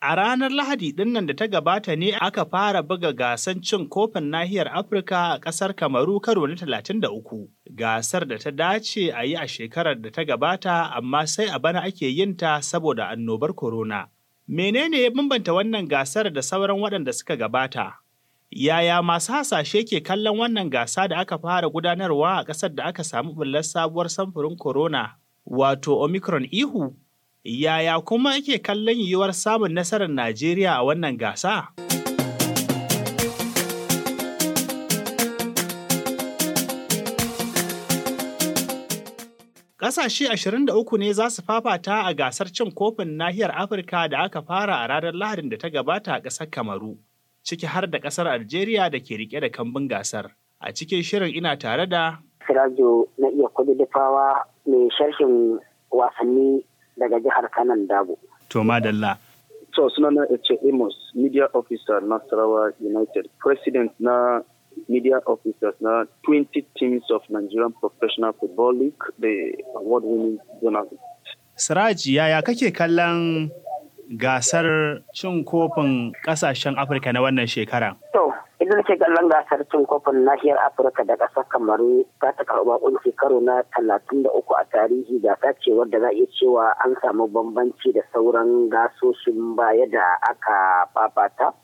A ranar Lahadi ɗinnan da ta gabata ne aka fara buga gasar cin kofin nahiyar Afirka a ƙasar Kamaru karo na 33. Gasar da ta dace a yi a shekarar da ta gabata amma sai a bana ake yin ta saboda annobar corona. Menene ya bambanta wannan gasar da sauran waɗanda suka gabata? Yaya masu hasashe ke kallon wannan gasa da aka fara gudanarwa a ƙasar da aka samu bullar sabuwar samfurin corona, wato Omicron ihu? Yaya kuma ake kallon yiwuwar samun nasarar Najeriya a wannan gasa? Ƙasashe 23 ne za su fafata a gasar cin kofin nahiyar Afirka da aka fara a ranar Lahadin da ta gabata a ƙasar Kamaru, ciki har da ƙasar Algeria da ke rike da kambun gasar. A cikin shirin ina tare da Sirajo na iya kwalidafawa mai sharhin wasanni daga jihar kanan dabo to madalla so sunana ce amos media officer nasarawa united president na media officers na 20 teams of nigerian professional football league the award winning journalist siraji yaya kake kallon gasar cin kofin kasashen afirka na wannan shekara so, ita ke kallon gasar cin kofin nahiyar afirka da ƙasar kamaru ta ta karɓa kunci karo na talatin da uku a tarihi gasa ce wadda za a iya cewa an samu bambanci da sauran gasoshin baya da aka fafata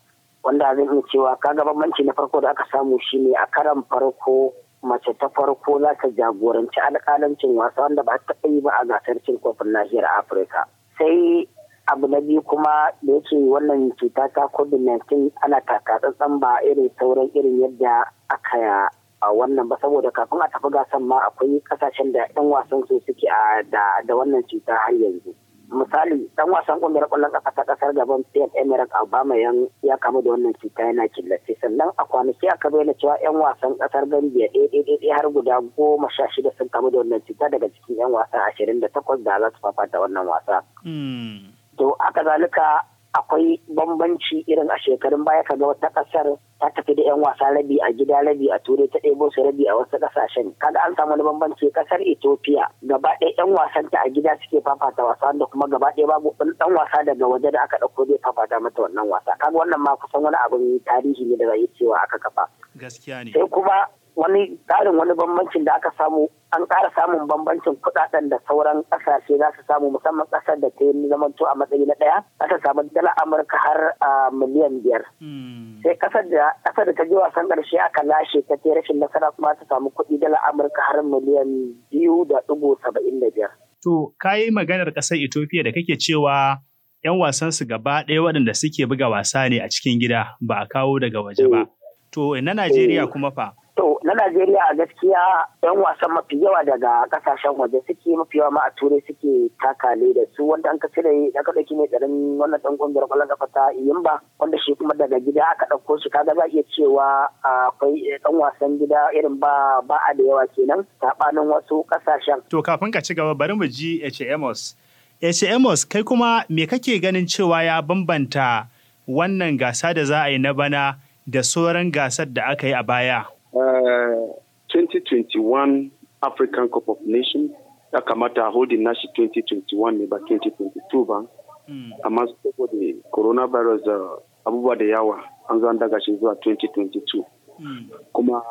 wanda zan iya cewa kaga bambanci na farko da aka samu shine a karan farko mace ta farko za ta jagoranci alƙalancin wasa wanda ba ta yi ba a gasar cin kofin nahiyar afirka sai abu na biyu kuma da yake wannan cuta ta covid-19 ana takatsantsan ba irin sauran irin yadda aka a wannan ba saboda kafin a tafi gasan ma akwai kasashen da yan wasan su suke da wannan cuta har yanzu misali dan wasan kungiyar kwallon kafa ta kasar gaban Pierre Emerick yan ya kamu da wannan cuta yana killace sannan a kwanaki aka bayyana cewa yan wasan kasar Gambia ɗaya har guda goma sha sun kamu da wannan cuta daga cikin yan wasa ashirin da takwas da za su fafata wannan wasa. Hmm. to aka zalika akwai bambanci irin a shekarun baya kaga wata kasar ta tafi da 'yan wasa rabi a gida rabi a turai ta ɗebo su rabi a wasu ƙasashen kaga an samu wani bambanci kasar ethiopia gaba ɗaya 'yan wasan ta a gida suke fafata wasa wanda kuma gaba ɗaya babu ɗan wasa daga waje da aka ɗauko zai fafata mata wannan wasa kaga wannan ma kusan wani abin tarihi ne da zai cewa aka kafa gaskiya ne sai kuma wani tsarin wani bambancin da aka samu an ƙara samun bambancin kuɗaɗen da sauran ƙasashe za su samu musamman ƙasar da ta yi zamanto a matsayi na ɗaya ta samu dala amurka har a miliyan biyar hmm. sai ƙasar da ta je wasan ƙarshe aka lashe ta ta rashin nasara kuma ta samu kuɗi dala amurka har miliyan biyu da ɗigo saba'in da biyar. to ka yi maganar ƙasar ethiopia da kake cewa 'yan wasansu gaba ɗaya waɗanda suke buga wasa ne a cikin gida ba a kawo daga waje ba. Eh. To, na Najeriya eh. kuma fa, na Najeriya a gaskiya 'yan wasan mafi yawa daga kasashen waje suke mafi yawa ma a turai suke takale da su wanda an ka cire aka ɗauki mai tsarin wannan ɗan ƙungiyar ƙwallon ƙafa ta Iyimba wanda shi kuma daga gida aka ɗauko shi kaga za iya cewa akwai ɗan wasan gida irin ba ba a da yawa kenan saɓanin wasu kasashen. To kafin ka ci gaba bari mu ji Eche Amos. Eche Amos kai kuma me kake ganin cewa ya bambanta wannan gasa da za a yi na bana da sauran gasar da aka yi a baya? Uh, 2021 African Cup of Nations akamata holding nashi 2021 ne 2022 ba hmm. amma saboda coronavirus da uh, abubuwa da yawa an zo an daga shi 2022 hmm. kuma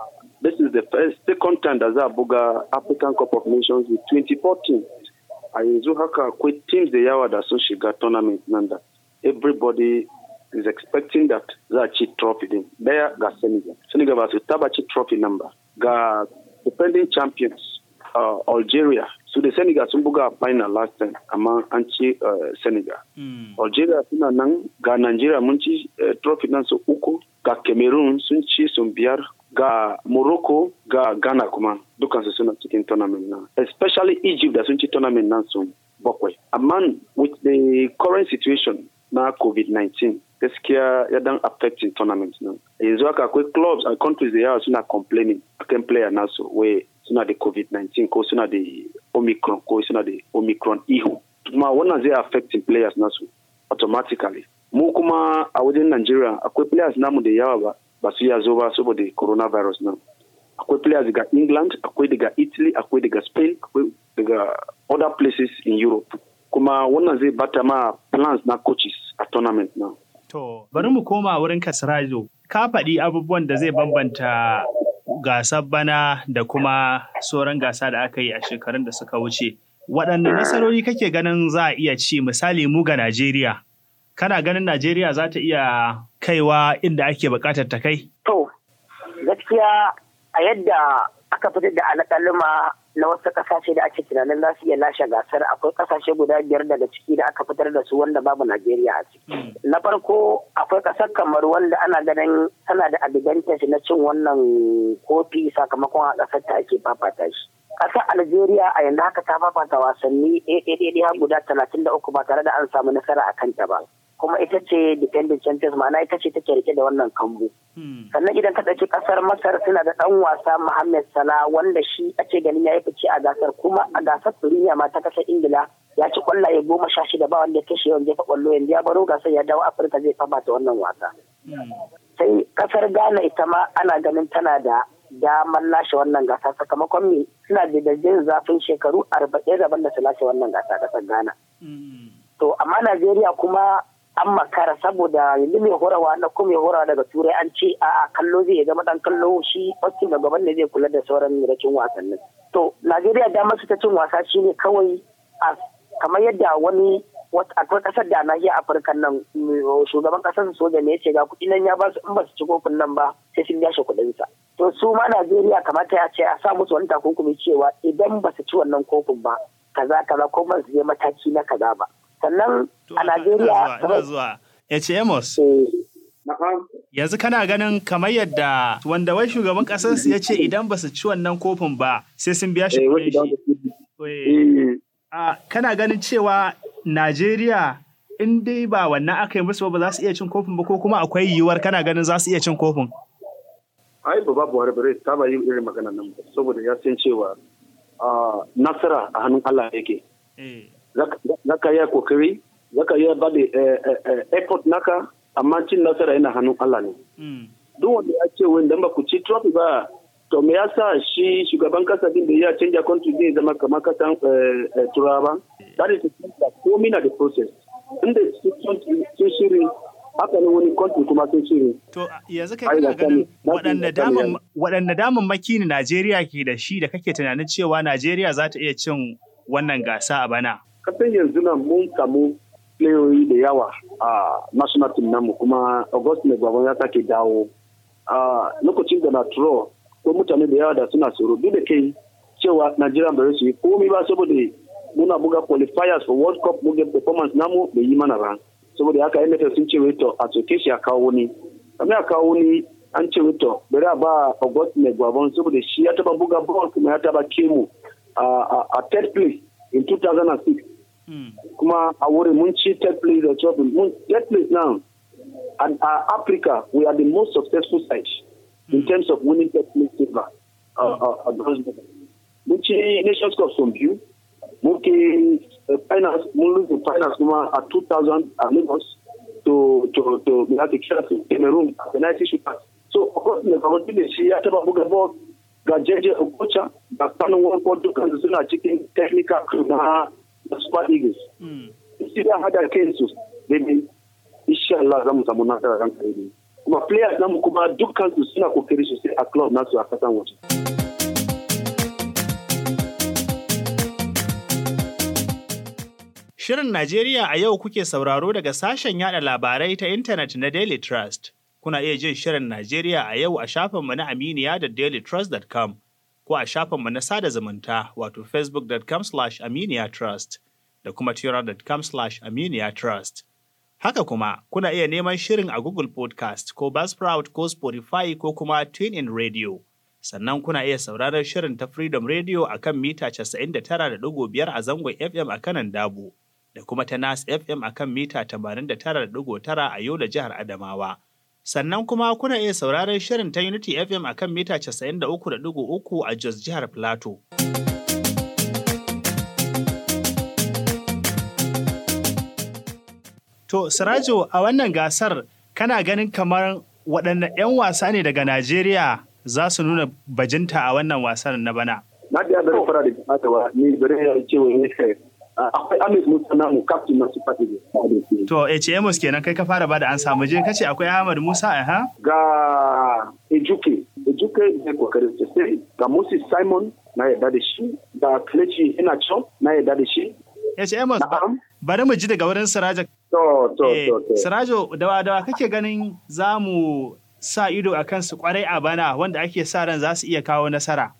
this is the first second time da za a African Cup of Nations with 2014 a yanzu haka akwai teams da yawa da sun shiga tournament nan everybody is expecting that za ci trophy din daya ga Senegal. Senegal has su trophy number. The defending champions uh, Algeria su da Senegal sun final last time among anti ci uh, Senegal. Mm. Algeria suna nan ga Nigeria mun ci uh, trophy nan su uku ga Cameroon sun ci sun ga Morocco ga Ghana kuma dukansu suna cikin tournament nan. Especially Egypt the Sunchi ci tournament nan sun bakwai. with the current situation now COVID-19 gaskiya ya dan affecting tournament nan yanzu haka akwai clubs and countries da yawa suna complaining akan player nasu wey suna da covid-19 ko suna da omicron ko suna da omicron ihu kuma wannan zai affecting players nasu automatically mu kuma a wajen Nigeria akwai players namu da yawa ba ba su ya zo ba saboda coronavirus nan akwai players daga England akwai daga Italy akwai daga Spain akwai daga other places in Europe kuma wannan zai bata ma plans na coaches a tournament na To, bari mu koma wurin Kasrajo. Ka faɗi abubuwan da zai bambanta gasar bana da kuma sauran gasa da aka yi a shekarun da suka wuce. Waɗanne nasarori kake ganin za a iya ci misali mu ga Najeriya? Kana ganin Najeriya za ta iya kaiwa inda ake buƙatar ta kai? To, gaskiya a yadda aka fitar da alƙaluma na wasu kasashe da ake tunanin za su iya lashe gasar akwai kasashe guda biyar daga ciki da aka fitar da su wanda babu Najeriya a ciki. Hmm. Na farko akwai kasar kamar wanda ana ganin tana da advantage na cin wannan kofi sakamakon a kasar ta ake fafata shi. Ƙasar Algeria a yanzu haka ta fafata wasanni ɗaya har guda talatin da uku ba tare da an samu nasara a kanta ba. kuma ita ce dependent centers ma'ana ita ce take rike da wannan kambu hmm. sannan idan ka ɗauki ƙasar masar suna da ɗan wasa muhammad salah wanda shi ake ganin ya yi fice a gasar kuma a gasar duniya ma ta kasar ingila ya ci kwallaye goma sha shida ba wanda ya kashe yawan jefa kwallo yanzu ya baro gasar ya dawo afirka zai ta wannan wasa hmm. sai ƙasar ghana ita ma ana ganin tana da daman lashe wannan gasa sakamakon me suna da jin zafin shekaru arba'in da su lashe wannan gasa kasar ghana hmm. to amma najeriya kuma an makara saboda yanzu mai horawa na ko horawa daga turai an ce a kallo zai ya zama dan kallo shi wakil gaban ne zai kula da sauran rikin wasannin to najeriya damar su ta cin wasa shi ne kawai a kamar yadda wani akwai kasar da na iya afirka nan mm, shugaban kasar soja ne ya ce ga kuɗi nan ya ba su in ba su ci kofin nan ba sai sun yashe kuɗin sa to su ma najeriya kamata ya ce a sa musu wani takunkumi cewa idan ba su ci wannan kofin ba kaza kaza ko ba su je mataki na kaza ba sannan a Najeriya ina zuwa HMOS eh, Yanzu kana ganin kamar yadda wanda wai shugaban kasar su ya ce idan ba su ci wannan kofin ba sai sun biya shi eh, shi. Eh. Kana ganin cewa Najeriya in dai ba wannan aka yi musu ba za su iya cin kofin ba ko kuma akwai yiwuwar kana ganin za su iya cin kofin? Ai ba babu wani bare ta ba yi irin magana nan saboda ya san cewa ah, nasara a hannun Allah yake. za ka iya kokari za ka iya ba eh, eh, eh, naka amma cin nasara yana hannun Allah ne. Hmm. Duk wanda ya ce wanda ba ku ci trophy ba to me yasa shi shugaban kasa din da ya canja country zai zama kamar kasa turawa that is the me na the process inda sun shiri haka ne wani country kuma sun shiri to yanzu kai kana ganin waɗanne damun waɗanne daman maki ne Najeriya ke da shi da kake tunanin cewa Najeriya za ta iya cin wannan gasa a bana kasan yanzu nan mun samu playoyi da yawa a national team namu kuma august mai babban ya sake dawo a lokacin da na draw ko mutane da yawa da suna tsoro duk da kai cewa nigeria ba su yi komi ba saboda muna buga qualifiers for world cup buga performance namu bai yi mana ran saboda haka nff sun ce wato a soke shi a kawo wani kamar a kawo wani an ce wato bari a ba august mai babban saboda shi ya taba buga ball kuma ya taba kemu a third place in 2006 kuma a wurin mun ci third place mun third place now and uh, africa we are the most successful side mm. in hmm. terms of winning third place silver uh, mun hmm. uh, ci nations cup from biyu mun ke finals mun lose finals kuma a 2000 a uh, lagos to to to we had to share to cameroon the united super so of course the government dole shi ya about buga ball ga jeje okocha ga kanu technical crew na da super eagles hmm. su da hada kai su ne insha Allah za mu samu nasara ran kare ne kuma players namu kuma dukkan su suna kokari sai a club nasu a kasan waje Shirin Najeriya a yau kuke sauraro daga sashen yada labarai ta intanet na Daily Trust. Kuna iya jin Shirin Najeriya a yau a shafinmu na Aminiya da dailytrust.com ko a shafinmu na sada zumunta wato facebookcom aminiyatrust da kuma twittercom aminiyatrust Haka kuma, kuna iya neman shirin a Google Podcast ko Buzzsprout ko Spotify ko kuma TuneIn Radio. Sannan kuna iya sauraron shirin ta Freedom Radio a kan mita 99.5 a zangon FM a kanan Dabo, da kuma ta Nas FM a kan mita 89.9 a Yola jihar Adamawa. Sannan kuma kuna iya sauraron shirin ta Unity FM a kan mita 93.3 a Jos jihar Plateau. To, Sirajo a wannan gasar kana ganin kamar waɗanne 'yan wasa ne daga Najeriya za su nuna bajinta a wannan wasan na bana. Na da fara da ni bari ya ce wani akwai Ahmed Musa namu captain na Super Eagles. To HMOs kenan kai ka fara bada an samu je kace akwai Ahmed Musa eh ha? Ga Ejuke, Ejuke ne kokarin sai ga Moses Simon na yadda da shi ga Ina cho na yadda da shi. HMOs bari mu ji daga wurin Sirajo. To eh, to to. Sirajo dawa dawa kake ganin za mu sa ido a kansu kwarai a bana wanda ake sa ran za su iya kawo nasara.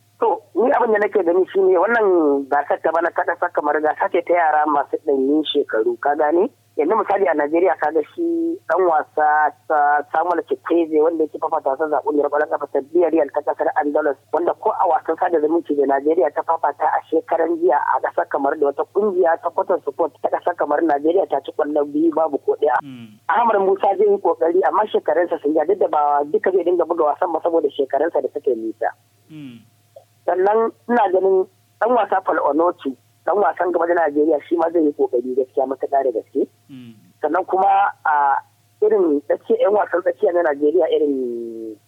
ni abin da nake gani ne wannan gasar ta bana ta kasa kamar gasa ce ta yara masu ɗanyen shekaru ka gane yanzu misali a Najeriya kaga shi dan wasa ta Samuel Cheptegei wanda yake fafata sa zaɓen yar rabar ƙafa ta Real ta ƙasar Andalus wanda ko a wasan sada zumunci da Najeriya ta fafata a shekaran jiya a ƙasar kamar da wata ƙungiya ta kwatan support ta ƙasar kamar Najeriya ta ci ƙwallon biyu babu ko ɗaya. Hmm. Ahmad Musa zai yi ƙoƙari amma shekarunsa sun ya duk da ba duka zai dinga buga wasan ba saboda shekarunsa da suke nisa. Hmm. sannan ina ganin dan wasa fal'onoci dan wasan gaba da najeriya shi ma zai yi kokari gaskiya matuƙa da gaske hmm. sannan kuma a ah, irin tsakiyar yan wasan tsakiya na Najeriya irin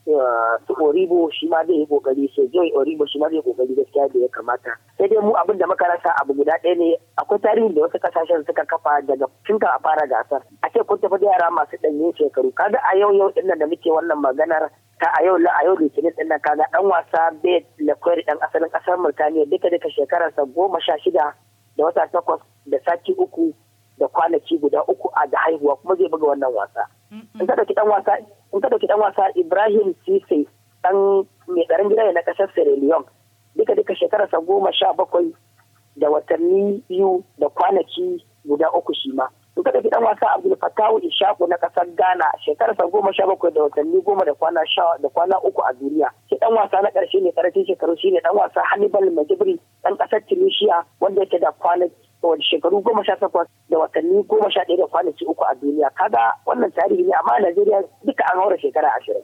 uh, su Oribo shi ma zai yi kokari so Joy Oribo shi ma zai yi kokari gaskiya da ya kamata sai dai mu abin da muka rasa abu guda ɗaya ne akwai tarihin da wasu kasashen suka kafa daga tun a fara gasar a ce kun tafi da yara masu ɗanyen shekaru kaga a yau yau ɗin da muke wannan maganar ta a yau a yau litinin din nan kaga ɗan wasa Bed Lakwari ɗan asalin ƙasar Murtaniya duka duka shekararsa goma sha shida da wata takwas da sati uku da kwanaki guda uku a da haihuwa kuma zai buga wannan wasa in ka dauki dan wasa in ka wasa Ibrahim Cisse dan mai ɗarin gida na ƙasar Sierra Leone duka duka sa goma sha bakwai da watanni biyu da kwanaki guda uku shi ma in ka dauki dan wasa Abdul Fatawu Ishaku na ƙasar Ghana sa goma sha bakwai da watanni goma da kwana sha da kwana uku a duniya shi dan wasa na ƙarshe ne karatun shekaru shine dan wasa Hannibal Majibri dan ƙasar Tunisia wanda yake da kwanaki wani shekaru goma sha takwas da watanni goma sha ɗaya da kwanaki uku a duniya Kada wannan tarihi ne amma Najeriya duka an haura shekara ashirin.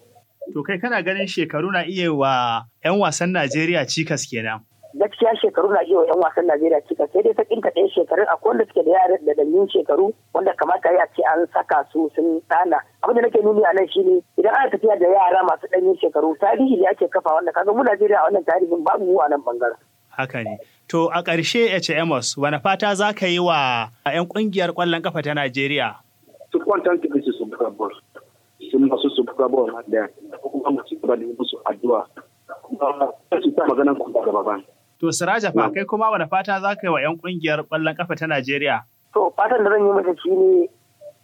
To kai kana ganin shekaru na iya wa 'yan wasan Najeriya cikas kenan. gaskiya shekaru na iya wa 'yan wasan Najeriya cikas. sai dai ta kinka ɗaya shekarun a wanda suke da yaran da dangin shekaru wanda kamata ya ce an saka su sun tsana abin da nake nuni a nan shine idan ana tafiya da yara masu ɗanyen shekaru tarihi ne ake kafa wanda kaga mu Najeriya a wannan tarihin babu mu a nan bangaren. Haka ne. To a ƙarshe HMOS, wani fata za ka yi wa 'yan ƙungiyar ƙwallon ƙafa ta Najeriya? Su kwantar tafi su su buga bol, su masu su buga bol da kuma masu gaba da musu addu'a. Kuma su ta maganan kuma gaba To Siraja fa kai kuma wani fata za ka yi wa 'yan ƙungiyar ƙwallon ƙafa ta Najeriya? To fatan da zan yi mata shi ne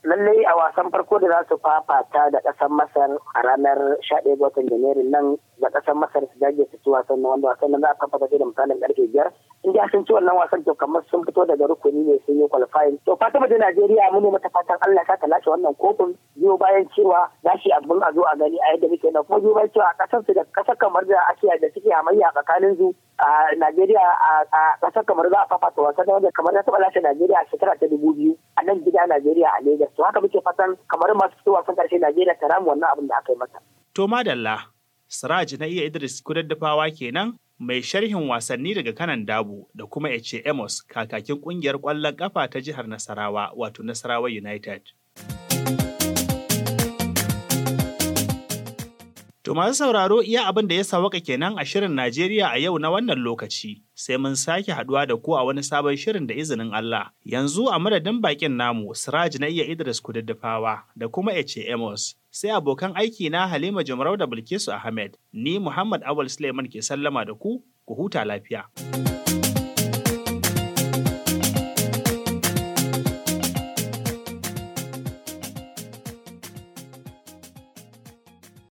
lallai a wasan farko da za su fafata da ƙasar Masar a ranar 11 ga watan Janairun nan da kasar masar su dage su ci wasan na wanda wasan nan za a tabbata da misalin karfe biyar in ji sun ci wannan wasan to kamar sun fito daga rukuni ne sun yi qualifying to fata ba da Najeriya mun ne mata fatan Allah ta ta lashe wannan kofin biyo bayan cewa za shi abin a zo a gani a yadda muke na kuma biyo bayan cewa kasar su da kasar kamar da Asiya da suke hamayya tsakanin su a Najeriya a kasar kamar za a fafata wasan wanda kamar ta taba lashe Najeriya a shekara ta dubu biyu a nan gida Najeriya a Lagos to haka muke fatan kamar masu fito wasan karshe Najeriya ta ramu wannan abin da aka yi mata. To madalla Siraj na iya Idris Kudaddafawa kenan mai sharhin wasanni daga kanan dabu da kuma Eche Amos kakakin kungiyar ƙwallon ƙafa ta jihar Nasarawa wato Nasarawa United. To masu sauraro iya abin da ya sawaka kenan a shirin Najeriya a yau na wannan lokaci, sai mun sake haduwa da ku a wani sabon shirin da izinin Allah. Yanzu a madadin bakin namu, Siraj na iya Idris Kududdufawa da kuma Ece Amos, sai abokan aiki na Halima Jumarau da Bilkisu Ahmed, ni Muhammad Awal Suleiman ke sallama da ku, ku huta lafiya.